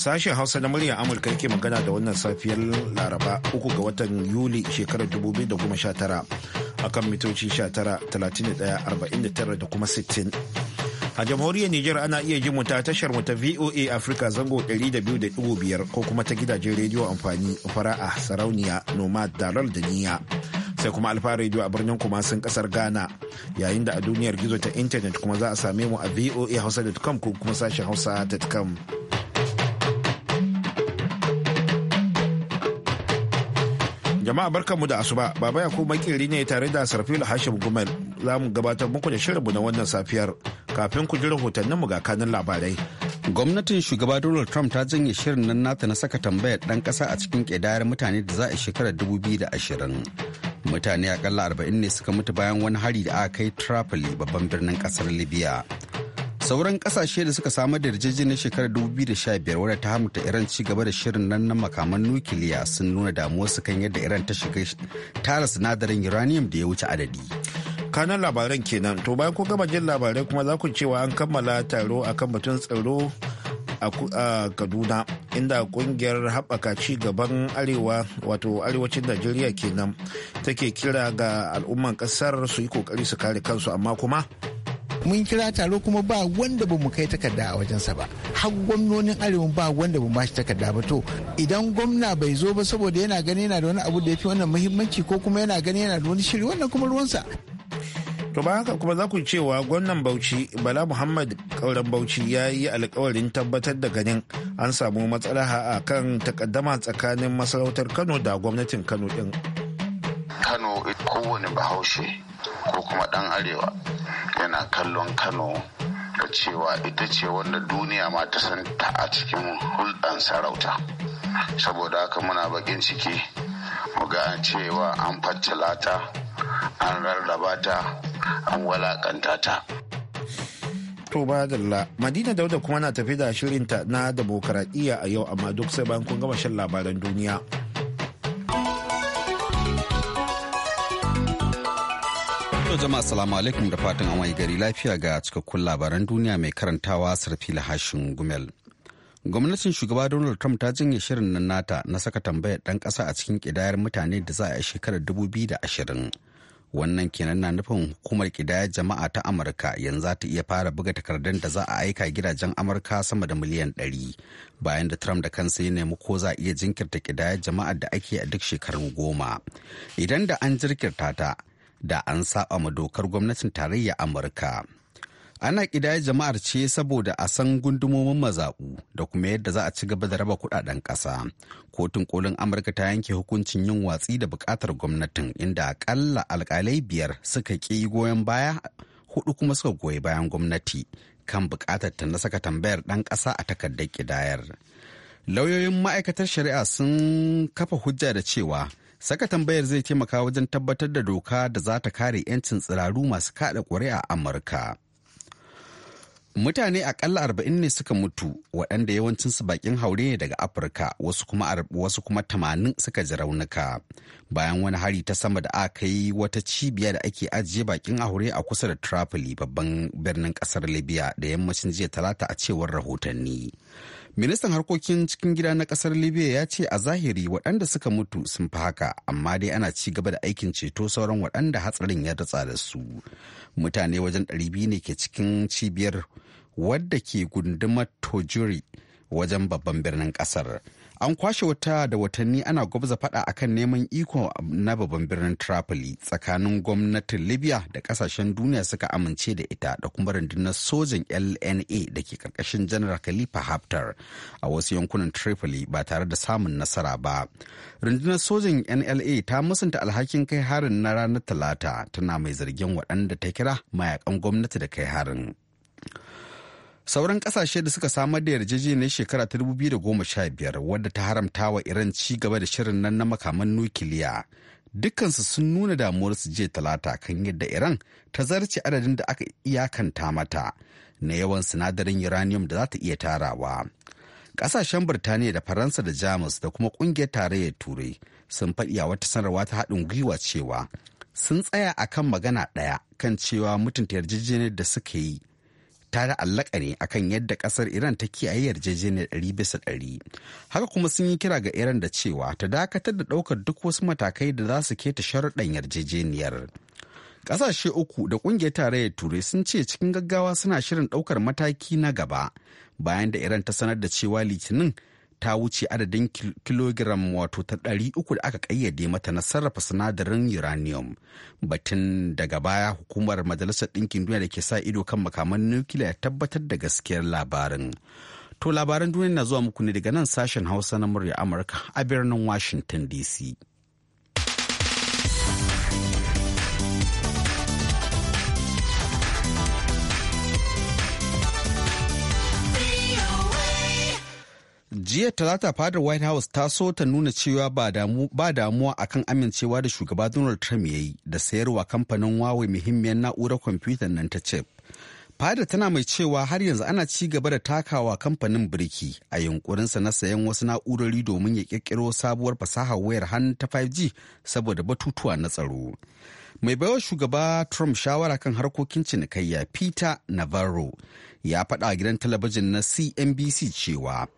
Sashen Hausa na muryar Amurka yake magana da wannan safiyar Laraba uku ga watan Yuli shekarar 2019 akan mitoci 19,31,49 da kuma 60. A jamhuriyar Nijar ana iya jin mu ta tashar mu ta VOA Africa zango 200.5 ko kuma ta gidajen rediyo amfani fara'a sarauniya nomad dalal da niyya. sai kuma alfa rediyo a birnin kumasin kasar ghana yayin da a duniyar gizo ta intanet kuma za a same mu a voa hausa.com ko kuma sashen hausa.com Jama'a mu da asuba, Baba Yakubu Makiri ne tare da Sarfilu Hashim Gumel. Za mu gabatar muku da shirinmu na wannan safiyar kafin ku ji mu ga kanin labarai. Gwamnatin shugaba Donald Trump ta janye shirin nan nata na saka tambayar dan kasa a cikin kedayar mutane da za a shekarar 2020. Mutane akalla 40 ne suka mutu bayan wani hari da aka kai Tripoli babban birnin kasar Libya. sauran kasashe da suka samar da yarjejeniyar shekarar 2015 wadda ta hamta iran ci gaba da shirin nan na makaman nukiliya sun nuna su kan yadda iran ta shiga tara sinadarin uranium da ya wuce adadi kanan labaran kenan to bayan ko gama jin labarai kuma za ku cewa an kammala taro akan batun tsaro a kaduna inda kungiyar haɓaka ci gaban arewa wato arewacin najeriya kenan take kira ga al'umman ƙasar su yi ƙoƙari su kare kansu amma kuma mun kira taro kuma ba wanda ba mu kai takarda a wajensa ba har gwamnonin arewa ba wanda ba ma shi takarda ba to idan gwamna bai zo ba saboda yana gani yana da wani abu da ya fi wannan muhimmanci ko kuma yana gani yana da wani shiri wannan kuma ruwansa to ba haka kuma za ku cewa gwamnan bauchi bala muhammad kauran bauchi ya yi alkawarin tabbatar da ganin an samu matsalaha a kan takaddama tsakanin masarautar kano da gwamnatin kano din kano kowane bahaushe ko kuma dan arewa yana kallon kano da cewa ita ce wanda duniya ma ta san ta a cikin hulɗan sarauta saboda haka muna bakin ciki mu ga cewa an fattala ta an rarraba ta an walakanta ta to madina dauda kuma na tafi da shirinta na demokaradiyya a yau amma duk sai bayan kun gama shan labaran duniya. To jama'a salamu alaikum da fatan an gari lafiya ga cikakkun labaran duniya mai karantawa sarfi hashin gumel. Gwamnatin shugaba Donald Trump ta janye shirin nan nata na saka tambayar ɗan ƙasa a cikin ƙidayar mutane da za a yi shekarar ashirin Wannan kenan na nufin hukumar ƙidayar jama'a ta Amurka yanzu za ta iya fara buga takardun da za a aika gidajen Amurka sama da miliyan ɗari bayan da Trump da kansa ya nemi ko za a iya jinkirta ƙidayar jama'a da ake a duk shekarun goma. Idan da an jirkirta ta, da an saba ma dokar gwamnatin tarayya amurka ana ƙidaya jama'ar ce saboda a san gundumomin mazaɓu da kuma yadda za a ci gaba da raba kudaden ƙasa kotun kolin amurka ta yanke hukuncin yin watsi da buƙatar gwamnatin inda akalla alƙalai biyar suka ƙi goyon baya hudu kuma suka goyi bayan gwamnati kan buƙatar ta na saka tambayar ɗan ƙasa a takardar ƙidayar lauyoyin ma'aikatar shari'a sun kafa hujja da cewa Saka tambayar zai taimaka wajen tabbatar da doka da za ta kare 'yancin tsiraru masu kada ƙuri'a a Amurka. Mutane akalla arba'in ne suka mutu waɗanda yawancinsu bakin haure ne daga Afirka wasu kuma tamanin suka ji raunuka bayan wani hari ta sama da aka yi wata cibiya da ake ajiye bakin haure a kusa da Tripoli babban birnin ƙasar Libya da yammacin jiya talata a cewar rahotanni. ministan harkokin cikin gida na kasar libya ya ce a zahiri waɗanda suka mutu sun fi haka amma dai ana ci gaba da aikin ceto sauran waɗanda hatsarin ya datsa da su mutane wajen ɗari biyu ne ke cikin cibiyar wadda ke gundumar tojuri wajen babban birnin kasar. an kwashe wata da watanni ana gwabza fada akan neman iko na babban birnin tripoli tsakanin gwamnatin libya da kasashen duniya suka amince da ita da kuma rundunar sojan lna da ke karkashin janar khalifa haftar a wasu yankunan tripoli ba tare da samun nasara ba rundunar sojan nla ta musanta alhakin kai harin na ranar talata tana mai zargin waɗanda ta kira mayakan gwamnati da kai harin sauran kasashe da suka samar da yarjejeniyar shekara ta 2015 wadda ta haramta wa iran ci gaba da shirin nan na makaman nukiliya dukkansu sun nuna damuwar su jiya talata kan yadda iran ta zarce adadin da aka iyakanta mata na yawan sinadarin uranium da za ta iya tarawa kasashen birtaniya da faransa da jamus da kuma kungiyar tarayyar turai sun faɗi a wata sanarwa ta haɗin gwiwa cewa sun tsaya akan magana ɗaya kan cewa mutunta yarjejeniyar da suka yi ta allaka ne akan yadda kasar iran ta kiyaye yarjejeniyar ɗari bisa ɗari haka kuma sun yi kira ga iran da cewa ta dakatar da ɗaukar duk wasu matakai da za su keta sharuɗan yarjejeniyar ƙasashe uku da ƙungiyar tarayyar turai sun ce cikin gaggawa suna shirin ɗaukar mataki na gaba bayan da iran ta sanar da cewa litinin ta wuce adadin kilogiram wato ta ɗari uku da aka ƙayyade mata na sarrafa sinadarin uranium batun daga baya hukumar majalisar ɗinkin duniya da ke sa ido kan makaman nukiliya tabbatar da gaskiyar labarin to labaran duniya na zuwa muku ne daga nan sashen hausa na murya amurka a birnin washington dc jiya talata fadar white house ta so ta nuna cewa ba damuwa akan amincewa da shugaba donald trump ya yi da sayarwa kamfanin huawei muhimmiyar na'urar kwamfuta nan ta chip fadar tana mai cewa har yanzu ana ci gaba da takawa kamfanin birki a yunkurinsa na sayan wasu na'urori domin ya kirkiro sabuwar fasahar wayar hannu ta 5g saboda batutuwa na tsaro mai baiwa shugaba trump shawara kan harkokin cinikayya peter navarro ya faɗa gidan talabijin na cnbc cewa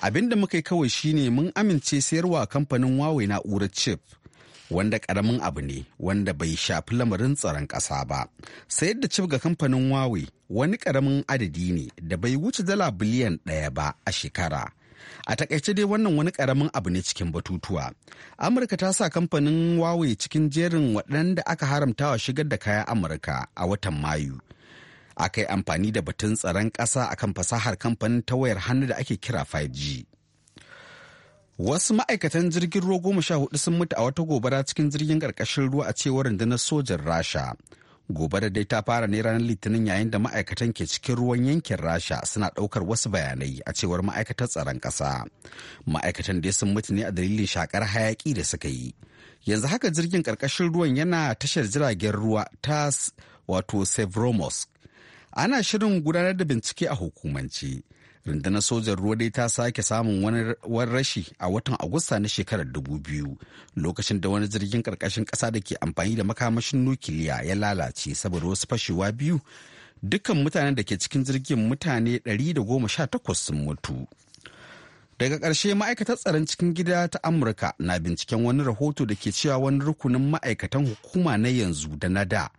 abin da muka yi kawai shine mun amince sayarwa kamfanin huawei na'urar chip wanda karamin abu ne wanda bai shafi lamarin tsaron ƙasa ba sayar da cif ga kamfanin huawei wani karamin adadi ne da bai wuce dala biliyan ɗaya ba a shekara a takaice dai wannan wani karamin abu ne cikin batutuwa amurka ta sa kamfanin huawei cikin jerin waɗanda aka haramtawa shigar da kayan amurka a watan mayu aka yi amfani da batun tsaron ƙasa akan fasahar kamfanin ta wayar hannu da ake kira 5G. Wasu ma'aikatan jirgin ruwa goma sha hudu sun mutu a wata gobara cikin jirgin ƙarƙashin ruwa a cewar rundunar sojan Rasha. gobara dai ta fara ne ranar Litinin yayin da ma'aikatan ke cikin ruwan yankin Rasha suna ɗaukar wasu bayanai a cewar ma'aikatar tsaron ƙasa. Ma'aikatan dai sun mutu ne a dalilin shakar hayaƙi da suka yi. Yanzu haka jirgin ƙarƙashin ruwan yana tashar jiragen ruwa ta wato Sevromosk ana shirin gudanar da bincike a hukumance rundunar sojan ruwa dai ta sake samun wani rashi a watan agusta na shekarar 2000 lokacin da wani jirgin karkashin ƙasa da ke amfani da makamashin nukiliya ya lalace saboda wasu fashewa biyu dukkan mutanen da ke cikin jirgin mutane 118 sun mutu daga ƙarshe ma'aikatar tsaron cikin gida ta amurka na binciken wani rahoto da ke cewa wani rukunin ma'aikatan hukuma na yanzu da na da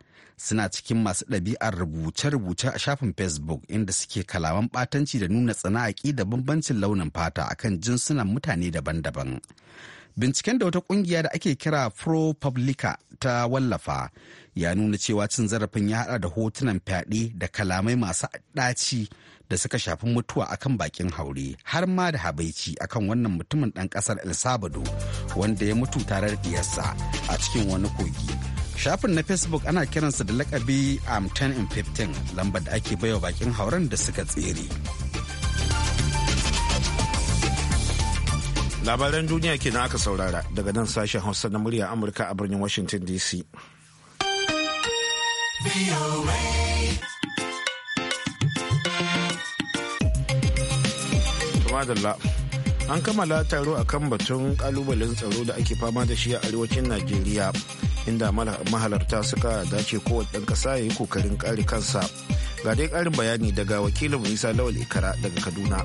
suna cikin masu ɗabi'ar rubuce-rubuce a shafin facebook inda suke kalaman ɓatanci da nuna tsana'aƙi da bambancin launin fata akan jinsunan mutane daban-daban binciken da wata kungiya da ake kira pro-publica ta wallafa ya nuna cewa cin zarafin ya hada da hotunan fyaɗe da kalamai masu ɗaci da suka shafi mutuwa akan bakin haure har ma da habaici akan wannan mutumin ɗan ƙasar el salvador wanda ya mutu tare da diyarsa a cikin wani kogi Shafin na Facebook ana kiransa da lakabi am 10 in 15 lambar da ake baiwa bakin hauren da suka tsere. Labaran duniya kenan aka saurara daga nan sashen Hausa na murya Amurka a birnin Washington DC. Tumadalla. An kammala taro a kan batun kalubalen tsaro da ake fama da shi a arewacin Najeriya. inda mahalarta suka dace kowace ɗan ƙasa ya yi kokarin kare kansa ga dai ƙarin bayani daga wakilin isa lawal ikara daga kaduna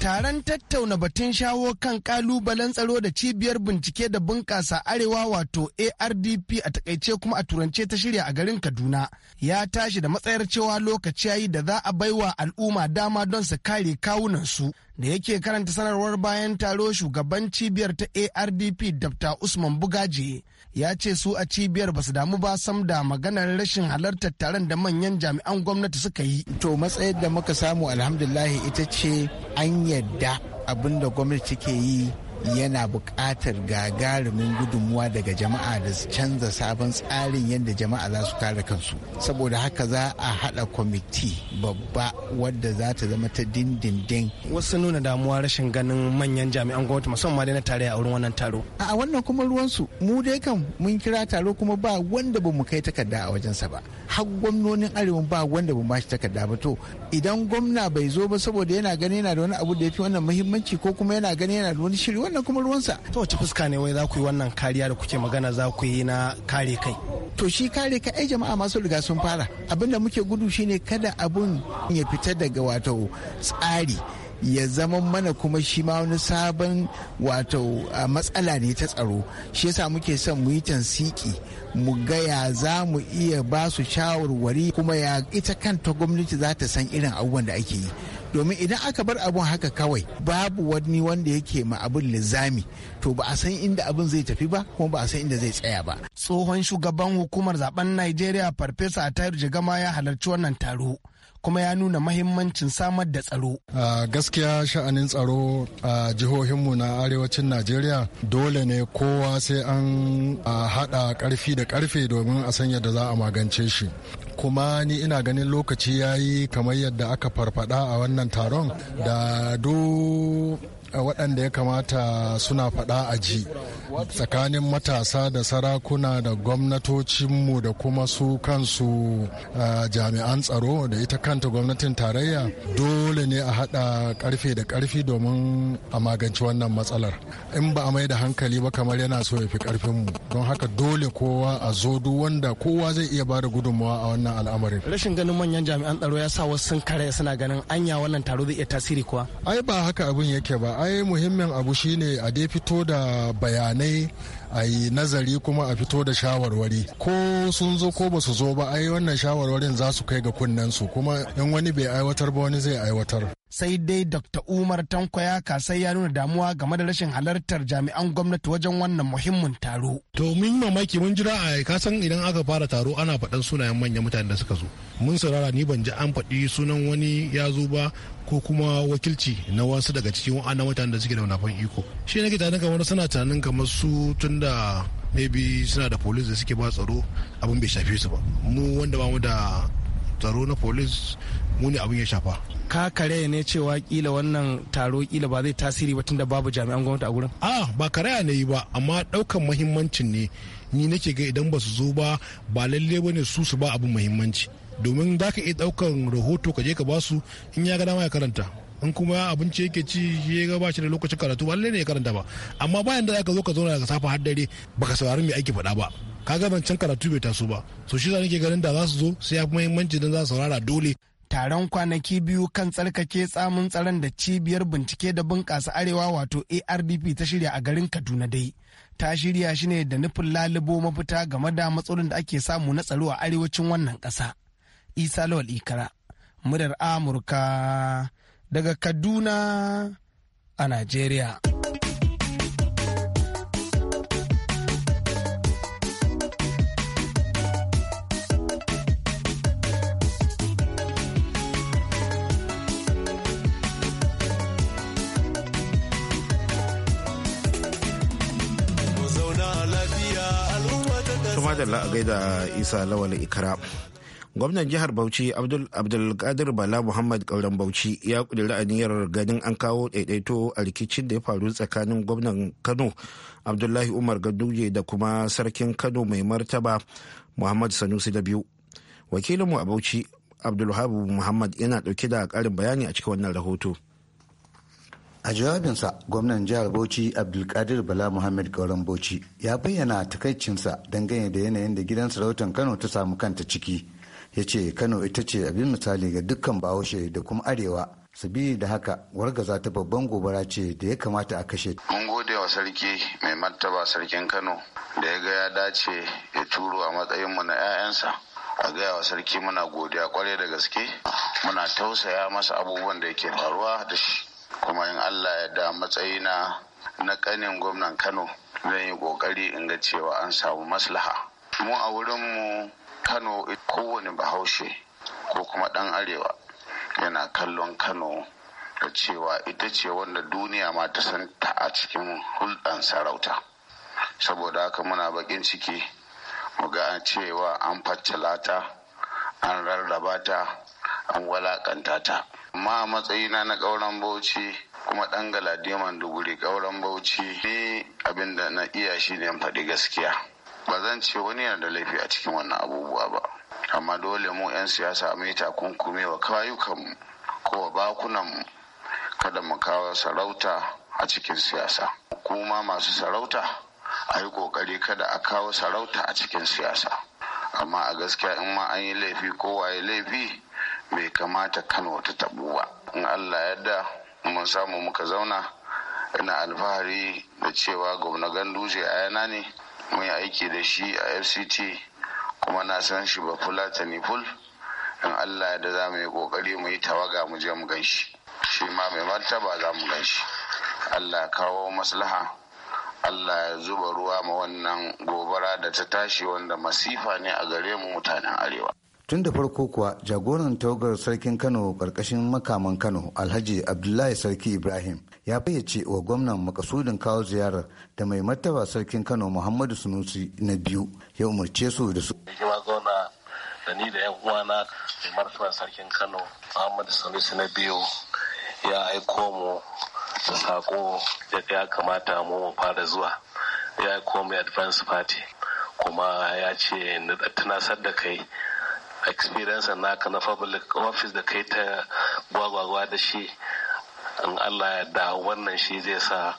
taron tattauna batun shawo kan kalubalen tsaro da cibiyar bincike da bunƙasa arewa wato ardp a takaice kuma a turance ta shirya a garin kaduna ya tashi da matsayar cewa lokaci yayi da za a baiwa al'umma dama don su kare kawunansu da yake karanta sanarwar bayan taro shugaban cibiyar ta ardp dr usman bugaji ya ce su a cibiyar ba su damu ba sam da maganar rashin halartar taron da manyan jami'an gwamnati suka yi to matsayin da muka samu alhamdulahi ita ce an yadda abin da gwamnati ke yi yana buƙatar gagarumin gudunmuwa daga jama'a da su canza sabon tsarin yadda jama'a za su kare kansu saboda haka za a haɗa kwamiti babba wadda za ta zama ta dindindin wasu nuna damuwa rashin ganin manyan jami'an gwamnati musamman da na tare a wurin wannan taro a wannan kuma ruwansu mu dai kan mun kira taro kuma ba wanda ba mu kai takarda a wajensa ba har gwamnonin arewa ba wanda ba shi takarda ba to idan gwamna bai zo ba saboda yana gani yana da wani abu da ya fi wannan muhimmanci ko kuma yana gani yana da wani shiri wannan kuma sa ta wace fuska ne wai za ku yi wannan kariya da kuke magana za ku yi na kare kai to shi kare kai ai jama'a masu riga sun fara abinda muke gudu shine kada abun ya fita daga wato tsari ya zama mana kuma shi ma wani sabon wato matsala ne ta tsaro shi yasa muke son mu yi tansiki mu gaya za mu iya ba su shawarwari kuma ya ita kanta gwamnati za ta san irin abubuwan da ake yi domin idan aka bar abun haka kawai babu wani wanda yake ma abun lizami to ba a san inda abun zai tafi ba kuma ba a san inda zai tsaya ba tsohon shugaban hukumar zaben najeriya farfesa atayiru jigama ya halarci wannan taro kuma ya nuna mahimmancin samar da tsaro. gaskiya sha'anin tsaro a jihohinmu na arewacin najeriya dole ne kowa sai an haɗa ƙarfi da ƙarfe domin a san yadda za a magance shi kuma ni ina ganin lokaci ya yi kamar yadda aka farfada a wannan taron da duk waɗanda ya kamata suna faɗa a ji tsakanin matasa da sarakuna da gwamnatocinmu da kuma su kansu jami'an tsaro da ita kanta gwamnatin tarayya dole ne a haɗa ƙarfe da ƙarfi domin a magance wannan matsalar in ba a mai da hankali ba kamar yana so ya fi ƙarfinmu don haka dole kowa a zo duk wanda kowa zai iya ba da gudunmawa a wannan al'amarin rashin ganin manyan jami'an tsaro ya sa wasu sun kare suna ganin anya wannan taro zai iya tasiri kuwa ai ba haka abin yake ba ai muhimmin abu shine a dai fito da bayanai a yi nazari kuma a fito da shawarwari ko sun zo ko ba su zo ba ai wannan shawarwarin za su kai ga kunnen su kuma in wani bai aiwatar ba wani zai aiwatar sai dai dr umar tankwaya kasai ya nuna damuwa game da rashin halartar jami'an gwamnati wajen wannan muhimmin taro to mun mamaki mun jira a san idan aka fara taro ana faɗan sunayen manyan mutane da suka zo mun saurara ni ban ji an faɗi sunan wani ya zo ba ko kuma wakilci na wasu daga cikin wa'annan mutanen da suke da wanafan iko shi nake tunanin kamar suna tunanin kamar su tunda maybe suna da police da suke ba tsaro abin bai shafe su ba mu wanda ba mu da tsaro na police muni abin ya shafa ka kare ne cewa kila wannan taro kila ba zai tasiri ba tunda babu jami'an gwamnati a gurin a ba karaya ne yi ba amma daukan muhimmancin ne ni nake ga idan ba su zo ba ba lalle ne su su ba abin muhimmanci domin za ka iya daukan rahoto ka je ka basu in ya ga dama ya karanta in kuma abinci yake ci ya ga ba da lokacin karatu ba ne ya karanta ba amma bayan da ka zo ka zauna daga safa har dare baka saurari mai aiki faɗa ba ga zancen karatu bai taso ba so shi za nake ganin da za su zo sai ya fi muhimmanci don za su saurara dole taron kwanaki biyu kan tsarkake tsamin tsaron da cibiyar bincike da bunƙasa arewa wato ardp ta shirya a garin kaduna dai ta shirya shi ne da nufin lalubo mafita game da matsalolin da ake samu na tsaro a arewacin wannan ƙasa isa lawal ikara murar amurka daga kaduna a najeriya kuma da la'agai isa lawal ikra gwamnan jihar bauchi abdulkadir bala muhammad kauran bauchi ya kudiri aniyar ganin an kawo daidaito a rikicin da ya faru tsakanin gwamnan kano abdullahi umar gaduje da kuma sarkin kano mai martaba muhammad sanusi da biyu wakilinmu a bauchi abdulhabu muhammad yana dauke da karin bayani a cikin wannan rahoto a jawabinsa gwamnan jihar bauchi abdulkadir bala muhammad gauran bauchi ya bayyana takaicinsa ganye da yanayin da gidan sarautar kano ta samu kanta ciki ya ce kano ita ce abin misali ga dukkan bahaushe da kuma arewa sabili da haka wargaza ta babban gobara ce da ya kamata a kashe mun gode wa sarki mai martaba sarkin kano da ya ga ya dace ya turo a matsayinmu na 'ya'yansa a gaya wa sarki muna godiya kwarai da gaske muna tausaya masa abubuwan da yake faruwa da shi kuma in allah ya da matsayina na kanin gwamnan kano zan yi kokari in ga cewa an samu maslaha mu a wurinmu kano kowane bahaushe ko kuma dan arewa yana kallon kano da cewa ita ce wanda duniya ma ta san ta a cikin hulɗan sarauta saboda haka muna bakin ciki mu ga cewa an fatalata, ta an rarraba ta an walakanta ta amma a matsayina na ƙauren bauchi kuma ɗan galadiman duguri kauran bauchi ni abin da na iya shi ne faɗi gaskiya ba zan ce wani yana da laifi a cikin wannan abubuwa ba amma dole mu 'yan siyasa mai takunkumi wa kayukanmu ko wa bakunanmu kada mu kawo sarauta a cikin siyasa kuma masu sarauta a yi kokari kada a kawo sarauta a cikin siyasa amma a gaskiya in ma an yi laifi ko waye laifi bai kamata kano ta tabu ba in allah yadda mun samu muka zauna ina alfahari da cewa gwamna ganduje a yana ne mun yi aiki da shi a fct kuma na san shi ba fulatani ful in allah yadda za mu yi kokari mu yi tawaga mu je mu ganshi shi ma mai martaba za mu ganshi allah kawo maslaha allah ya zuba ruwa ma wannan gobara da ta tashi wanda masifa ne a gare mu mutanen arewa tun da farko kuwa jagoran tawagar sarkin kano karkashin makaman kano alhaji abdullahi sarki ibrahim ya fayyace wa gwamnan makasudin kawo ziyarar da mai martaba sarkin kano muhammadu sunusi na biyu ya umarce su da su da ni da yan uwana mai martaba sarkin kano muhammadu sanusi na biyu ya aiko mu da sako da ya kamata mu fara zuwa ya aiko mu advance party kuma ya ce na tunasar da kai experience naka na public office da kai ta gwagwagwa da shi in allah da wannan shi zai sa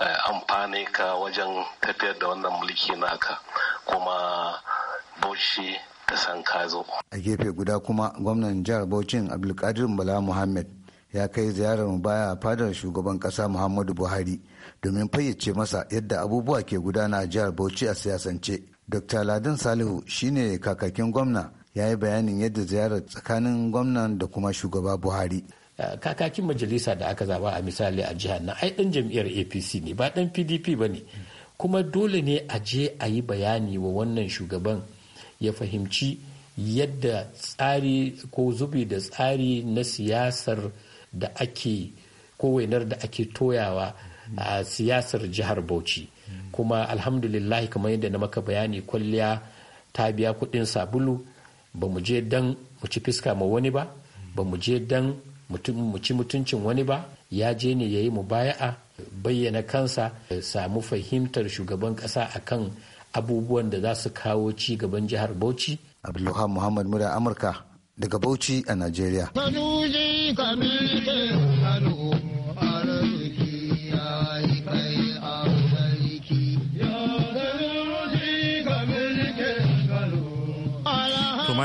eh, amfani ka wajen tafiyar da wannan mulki naka kuma bauchi ta san ka zo a gefe guda kuma gwamnan jihar bauchin abdulkadir bala muhammad ya kai ziyarar baya fadar shugaban kasa muhammadu buhari domin fayyace masa yadda abubuwa ke gudana a jihar bauchi a siyasance dr ladin salihu shine kakakin gwamna ya yi bayanin yadda ziyarar tsakanin gwamnan da kuma shugaba buhari uh, kakakin majalisa da aka zaba a misali a jihar na ai dan jam'iyyar apc ne ba dan pdp ba ne kuma dole ne a je a yi bayani wa wannan shugaban ya fahimci yadda tsari ko zubi da tsari na siyasar da ake ko da ake toyawa a siyasar jihar bauchi kuma alhamdulillah kamar yadda na maka bayani kwalliya ta biya kudin sabulu ba mu je dan mu ci fiska ma wani ba ba mu je dan mu ci mutuncin wani ba ya je ne ya yi mu baya'a bayyana kansa samu fahimtar shugaban kasa akan abubuwan da za su kawo ci gaban jihar bauchi abdulluhan muhammad mura amurka daga bauchi a najeriya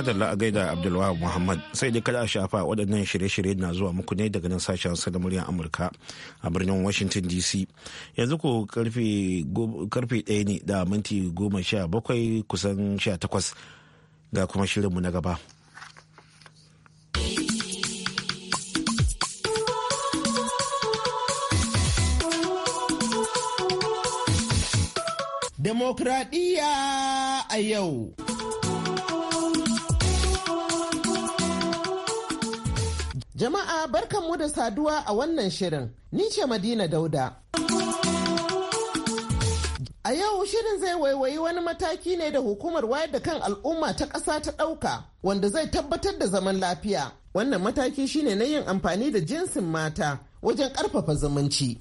madalla a gaida abdulwahab muhammad sai dai kada a shafa waɗannan shirye-shirye na zuwa muku ne daga nan sashen da muryar amurka a birnin washington dc yanzu ku karfe ɗaya ne da minti goma sha bakwai kusan sha takwas ga kuma shirinmu na gaba Demokradiyya a yau. Jama'a barkanmu da saduwa a wannan shirin. Ni ce Madina Dauda. A yau shirin zai waiwayi wani mataki ne da hukumar wayar da kan al'umma ta ƙasa ta ɗauka wanda zai tabbatar da zaman lafiya. Wannan mataki shine na yin amfani da jinsin mata wajen ƙarfafa zumunci.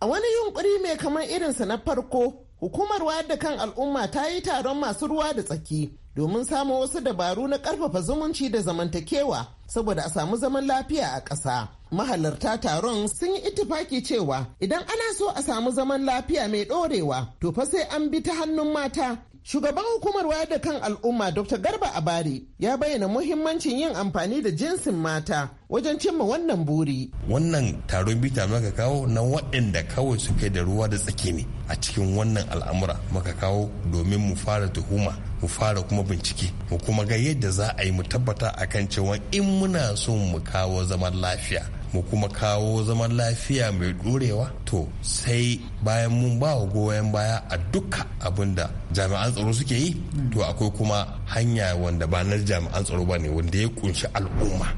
A wani yunƙuri mai kamar irinsa na farko Hukumar wayar da kan al'umma ta yi taron masu ruwa da tsaki domin samun wasu dabaru na ƙarfafa zumunci da zamantakewa saboda a samu zaman lafiya a ƙasa. Mahalarta taron sun yi ittifaki cewa idan ana so a samu zaman lafiya mai ɗorewa to fa sai an bi ta hannun mata Shugaban hukumar wayar da kan al'umma Dr. Garba Abari ya bayyana muhimmancin yin amfani da jinsin mata wajen cimma wannan buri. Wannan taron bita maka kawo na waɗanda kawai suke da ruwa da tsaki ne a cikin wannan al'amura muka kawo domin mu fara tuhuma mu fara kuma bincike mu kuma ga yadda za a yi mu tabbata akan cewa in muna so mu kawo zaman lafiya mu kuma kawo zaman lafiya mai ɗorewa to sai bayan mun ba wa goyon baya a duka abinda jami'an tsaro suke yi hmm. to akwai kuma hanya wanda ba na jami'an tsaro ba ne wanda ya kunshi al'umma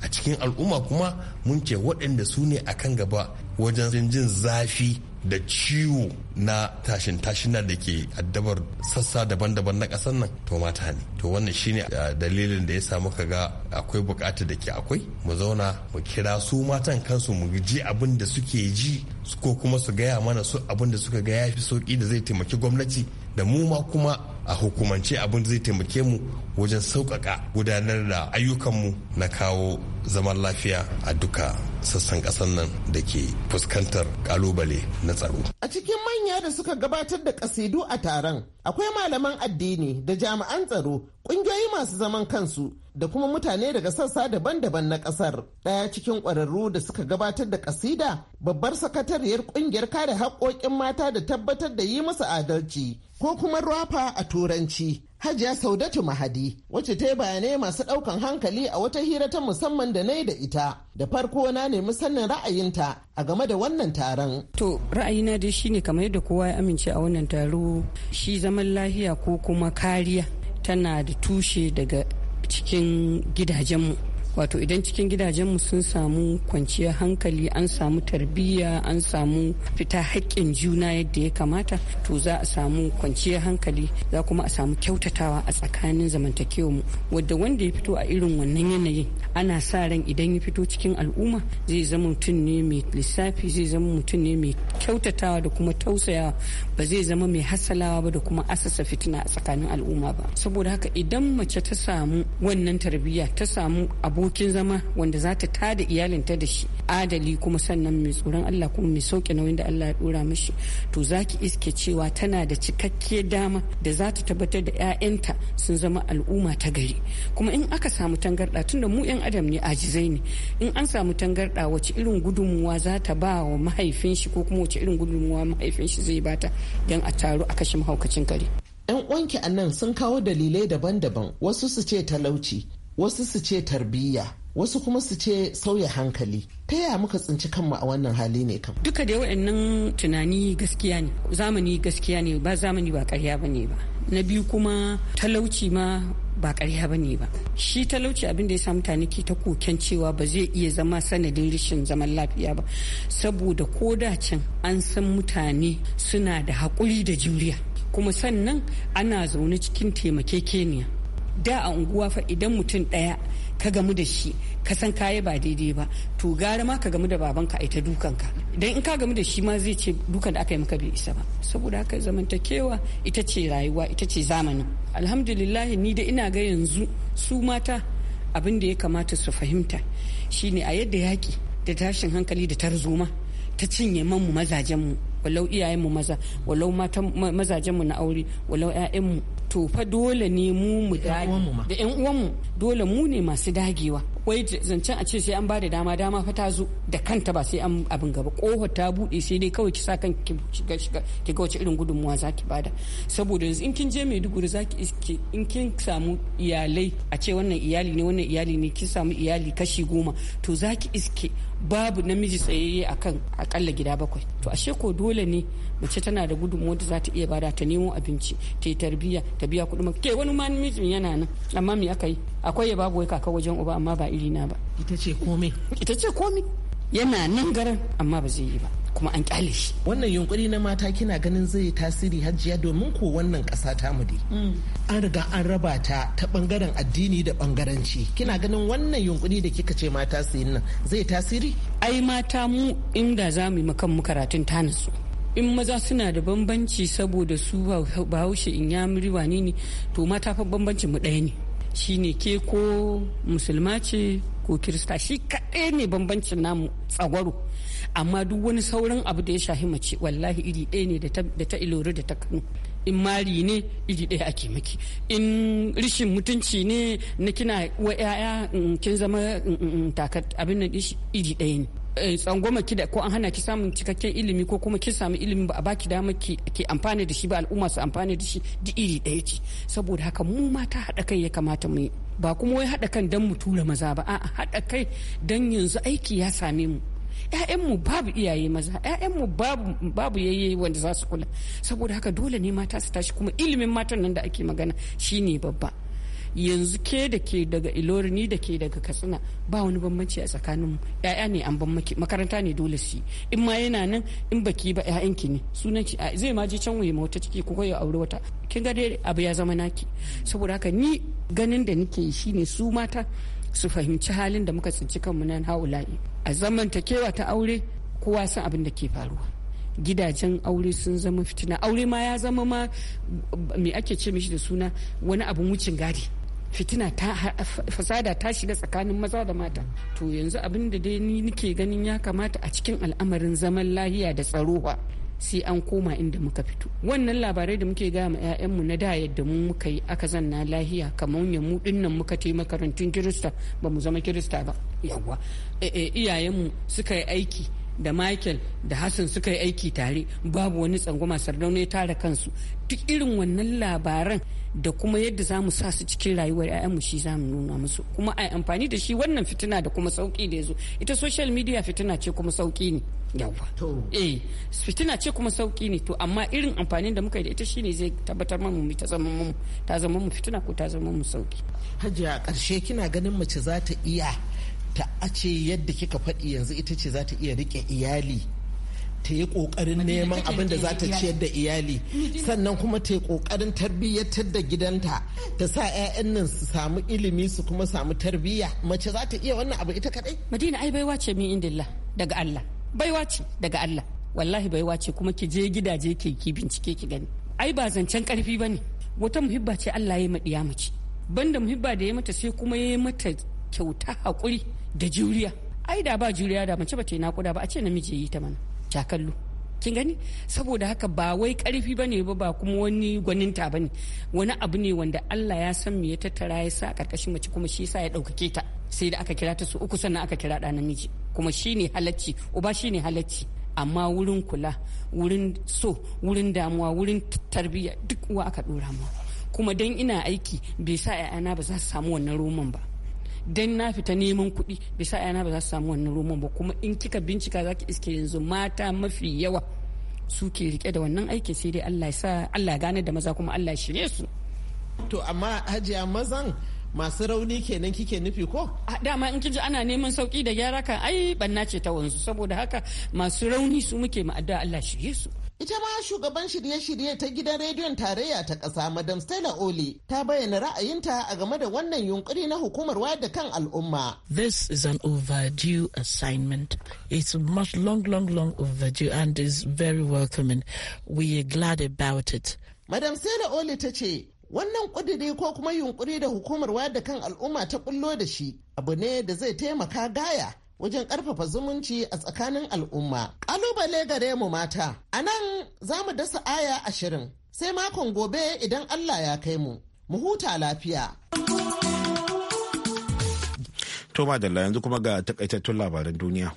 a cikin al'umma kuma mun ce waɗanda su ne a kan gaba wajen jin zafi da ciwo na tashin tashina da ke addabar sassa daban-daban na ƙasar nan to mata ne to wannan shine dalilin da ya sa muka ga akwai bukata da ke akwai mu zauna mu kira su matan kansu mu ji abin da suke ji ko kuma su gaya mana su abin da suka ga ya fi sauki da zai taimaki gwamnati da mu ma kuma a hukumance abin zai taimake mu wajen sauƙaƙa gudanar da ayyukanmu na kawo zaman lafiya a duka sassan kasan nan da ke fuskantar kalubale na tsaro. A cikin manya da suka gabatar da kasidu a taron akwai malaman addini da jami'an tsaro ƙungiyoyi masu zaman kansu da kuma mutane daga sassa daban-daban na ƙasar. Ɗaya cikin ƙwararru da suka gabatar da ƙasida babbar sakatariyar ƙungiyar kare haƙƙoƙin mata da tabbatar da yi musu adalci ko kuma rafa a turanci Hajiya Saudatu Mahadi wacce ta yi bayanai masu daukan hankali a wata hira ta musamman da na yi da ita. Da farko na nemi sannin ra'ayinta a game da wannan taron. To ra'ayina dai shine kamar yadda kowa ya amince a wannan taro shi zaman lafiya ko kuma kariya tana da tushe daga cikin gidajenmu. wato idan cikin gidajenmu sun samu kwanciyar hankali an samu tarbiyya an samu fita haƙƙin juna yadda ya kamata to za a samu kwanciyar hankali za kuma a samu kyautatawa a tsakanin zamantakewarmu wadda wanda ya fito a irin wannan yanayin ana sa ran idan ya fito cikin al'umma zai zama mutum ne mai lissafi zai zama mutum ne mai kyautatawa da kuma tausayawa ba zai zama mai hasalawa ba da kuma asasa fitina a tsakanin al'umma ba saboda haka idan mace ta samu wannan tarbiyya ta samu abu abokin zama wanda za ta tada iyalinta da shi adali kuma sannan mai tsoron Allah kuma mai sauke nauyin da Allah ya dora mishi to za ki iske cewa tana da cikakke dama da za ta tabbatar da 'ya'yanta sun zama al'umma ta gari kuma in aka samu tangarɗa da mu 'yan adam ne ajizai ne in an samu tangarɗa wace irin gudunmuwa za ta ba wa mahaifin shi ko kuma wace irin gudunmuwa mahaifin shi zai bata don a taru a kashe mahaukacin kare. 'yan uwanki a nan sun kawo dalilai daban-daban wasu su ce talauci wasu su ce tarbiyya wasu kuma su ce sauya hankali ta yaya muka tsinci kanmu a wannan hali ne kam duka da waɗannan tunani gaskiya ne zamani gaskiya ne ba zamani ba ƙarya ba ne ba na biyu kuma talauci ma ba karya ba ne ba shi talauci abin da ya sa mutane ke ta koken cewa ba zai iya zama sanadin rashin zaman lafiya ba saboda ko da can an san mutane suna da haƙuri da juriya kuma sannan ana zaune cikin taimakekeniya da a unguwa fa idan mutum ɗaya ka gamu da shi ka san kaye ba daidai ba to gara ma ka gamu da babanka ita dukanka idan in ka gamu da shi ma zai ce dukan da aka yi maka bai isa ba saboda haka zamantakewa ita ce rayuwa ita ce zamanin alhamdulillah ni da ina ga yanzu su mata abin da ya kamata su fahimta shine a yadda yaki da tashin hankali da tarzoma ta cinye manmu mazajenmu walau iyayenmu maza walau mazajenmu na aure walau 'ya'yanmu to fa dole ne mu mu da yan uwanmu dole mu ne masu dagewa wai zancen a ce sai an bada dama dama fa ta zo da kanta ba sai an abin gaba kohar ta bude sai dai kawai ki sa kan ki ga wace irin gudunmuwa za ki bada saboda in kin je mai duguri za ki iske in kin samu iyalai a ce wannan iyali ne wannan iyali ne kin samu iyali kashi goma to za ki iske babu namiji tsayayye akan akalla gida bakwai to ashe ko dole ne mace tana da gudun da za ta iya bada ta nemo abinci ta yi tarbiyya ta biya kuɗin ke wani ma namijin yana nan amma me aka yi akwai ya babu wai kaka wajen uba amma ba na ba ita ce komai yana nan garan amma ba zai yi ba kuma an kyale shi wannan yunkuri na mata kina ganin zai tasiri hajjiya domin ko wannan kasa ta mu dai mm. an riga an raba ta ta bangaren addini da bangaranci kina ganin wannan yunkuri da kika ce mata su yi nan zai tasiri ai mata mu inda za mu yi mu karatun ta in maza suna da bambanci saboda su bahaushe in yamuri wane ne to mata fa bambancin mu ɗaya ne shine ke ko musulma ce ko kirista shi kaɗai ne bambancin namu tsagwaro amma duk wani sauran abu da ya shahi mace wallahi iri ɗaya ne da ta ilori da ta kano in mari ne iri ɗaya ake maki in rishin mutunci ne na kina wa 'ya'ya kin zama takat abin nan iri ɗaya ne Eh, tsangwama ki da ko an hana ki samun cikakken ilimi ko kuma ki samu ilimi ba a baki dama ki ke amfani da shi ba al'umma su amfani da shi di iri daya ce saboda haka mu mata haɗa kai ya kamata mu yi ba kuma wai haɗa kan dan mu tura maza ba a'a haɗa kai dan yanzu aiki ya same mu mu babu iyaye maza mu babu babu yayye wanda za su kula saboda haka dole ne mata su tashi kuma ilimin matan nan da ake magana shine babba yanzu ke da ke daga ilori ni da ke daga katsina ba wani bambanci a tsakanin mu ya'ya ne an bambaki makaranta ne dole su in ma yana nan in baki ba ya'yan ki ne sunan ki zai ma je can waye wata ciki ko ya aure wata kin ga dai abu ya zama naki saboda haka ni ganin da nake shine su mata su fahimci halin da muka tsinci kanmu nan haula'i a zamantakewa ta aure kowa san abin da ke faruwa gidajen aure sun zama fitina aure ma ya zama ma me ake ce mishi da suna wani abin wucin gadi fitina ta fasada ta shiga tsakanin maza da mata to yanzu abin da dai ni nake ganin ya kamata a cikin al'amarin zaman lahiya da tsaro ba sai an koma inda muka fito wannan labarai da muke gaya ma 'ya'yanmu na da yadda mu muka yi aka zanna lahiya kamar ya mu dinnan muka tai makarantun kirista ba mu zama kirista ba yawwa eh, eh, iyayenmu suka yi aiki da michael da hassan suka yi aiki tare babu wani tsangwama sardauna ya tara kansu duk irin wannan labaran da kuma yadda za mu sa su cikin rayuwar 'ya'yanmu shi za mu nuna musu kuma a amfani da shi wannan fitina da kuma sauki da ya zo ita social media fitina ce kuma sauki ne yawa eh fitina ce kuma sauki ne to amma irin amfanin da muka yi da ita shine zai tabbatar mu ta zama mu ta zama mu fitina ko ta zama mu sauki hajiya a ƙarshe kina ganin mace za ta iya ta ace yadda kika faɗi yanzu ita ce za ta iya rike iyali ta yi kokarin neman abin da za ta ciyar da iyali sannan kuma ta yi kokarin tarbiyyatar da gidanta ta sa 'ya'yan nan su samu ilimi su kuma samu tarbiyya mace za ta iya wannan abu ita kadai. madina ai baiwa ce min indillah daga allah baiwa ce daga allah wallahi baiwa ce kuma ki je gidaje ke ki bincike ki gani ai ba zancen karfi ba wata muhibba ce allah ya maɗiya mace banda muhibba da ya mata sai kuma ya mata kyauta haƙuri da juriya ai da ba juriya da mace ba ta yi nakuda ba a ce namiji ya yi ta mana cakallu kin gani saboda haka ba wai karfi ba ba kuma wani gwaninta bane wani abu ne wanda allah ya san me ya tattara ya sa karkashin mace kuma shi sa ya ɗaukake ta sai da aka kira ta su uku sannan aka kira ɗa namiji kuma shi ne halacci uba shi ne halacci amma wurin kula wurin so wurin damuwa wurin tarbiyya duk uwa aka ɗora mu kuma don ina aiki bai sa 'ya'yana ba za su samu wannan roman ba dan na fita neman kuɗi bisa yana ba za su samu wannan roman ba kuma in kika bincika za ki iske yanzu mata mafi yawa su ke rike da wannan aiki sai dai Allah ya sa Allah gane da maza kuma Allah shirye su to amma hajiya mazan masu rauni kenan kike nufi ko a dama in kiji ana neman sauki da gyara kan ai banna ce ta wanzu saboda haka masu rauni su muke ma'adda Allah shirye su Ita ma shugaban shirye-shirye ta gidan rediyon tarayya ta ƙasa Madam Stella Oli ta bayyana ra'ayinta a game da wannan yunkuri na hukumar wayar da kan al'umma. This is an overdue assignment. It's much long, long, long overdue and is very welcoming. We are glad about it. Madam Stella Oli ta ce, wannan ƙudiri ko kuma yunkuri da hukumar wayar da kan al'umma ta kullo da shi abu ne da zai taimaka gaya wajen karfafa zumunci a tsakanin al'umma. kalubale gare mu mata, a nan za mu dasa aya ashirin, sai makon gobe idan Allah ya kai mu, mu huta lafiya. Toma da yanzu kuma ga takaitattun labaran duniya.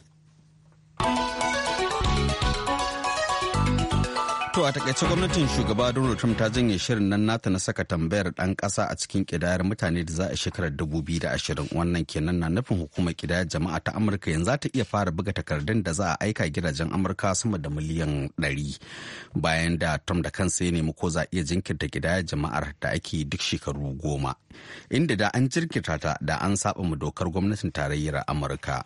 To a takaice gwamnatin shugaba Donald Trump ta janye shirin nan nata na saka tambayar ɗan kasa a cikin kidayar mutane da za a shekarar 2020 wannan kenan na nufin hukumar kidayar jama'a ta Amurka yanzu za ta iya fara buga takardun da za a aika gidajen Amurka sama da miliyan 100 bayan da Trump da kansa ya nemi ko za a iya jinkirta kidayar jama'ar da ake duk shekaru goma inda da an jirkita ta da an saba mu dokar gwamnatin tarayyar Amurka.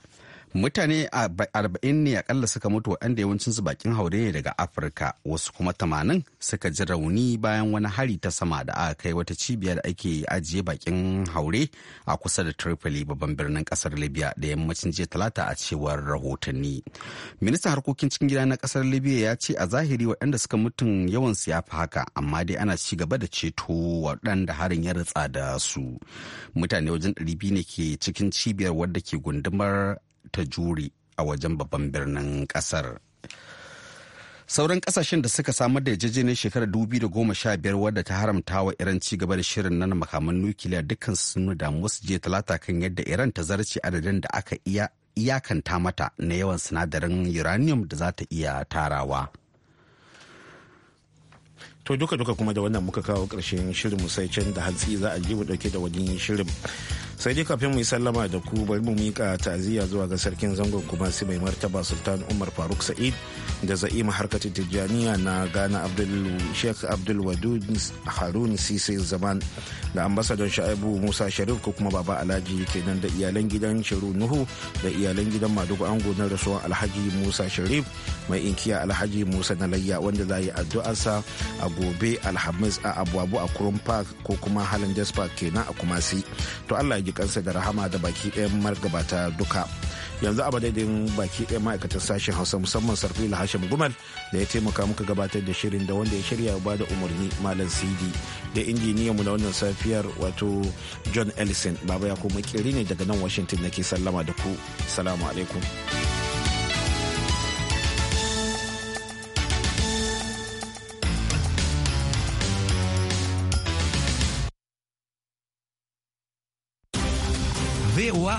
mutane arba'in ne akalla suka mutu waɗanda yawancin su bakin haure ne daga afirka wasu kuma tamanin suka ji rauni bayan wani hari ta sama da aka kai wata cibiyar da ake ajiye bakin haure a kusa da tripoli babban birnin kasar libya da yammacin jiya talata a cewar rahotanni ministan harkokin cikin gida na kasar libya ya ce a zahiri waɗanda suka mutu yawan su ya fi haka amma dai ana ci gaba da ceto waɗanda harin ya ritsa da su mutane wajen ɗari biyu ne ke cikin cibiyar wadda ke gundumar ta juri a wajen babban birnin kasar sauran kasashen da suka samar da yarjejeniyar shekarar da sha biyar wadda ta haramta wa iran ci gaba da shirin na makaman nukiliya dukkan sun nuna damuwa su je talata kan yadda iran ta zarce adadin da aka iyakanta mata na yawan sinadarin uranium da za ta iya tarawa to duka duka kuma da wannan muka kawo ƙarshen shirin sai can da hantsi za a ji mu dauke da wani shirin sai dai kafin mu yi sallama da ku bari mu mika ta'aziyya zuwa ga sarkin zangon kuma su mai martaba sultan umar faruk sa'id da za'ima harkati tijjaniya na ghana abdul sheikh abdul wadud harun sisi zaman da ambasadon sha'abu musa sharif ko kuma baba alhaji kenan da iyalan gidan shiru nuhu da iyalan gidan madugu ango na rasuwan alhaji musa sharif mai inkiya alhaji musa nalayya wanda za a yi addu'arsa a gobe alhamis a abubu a kurum park ko kuma halin park kenan a kumasi to allah ya ji kansa da rahama da baki ɗayan margabata duka yanzu a madadin baki ɗaya ma'aikatan sashen hausa musamman sarfila hashim gumal da ya taimaka muka gabatar da shirin da wanda ya shirya ba da umarni malam cd da injiniyan mu na wannan safiyar wato john ellison baba ya kuma kiri ne daga nan washington nake sallama da ku salamu alaikum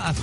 Afrique.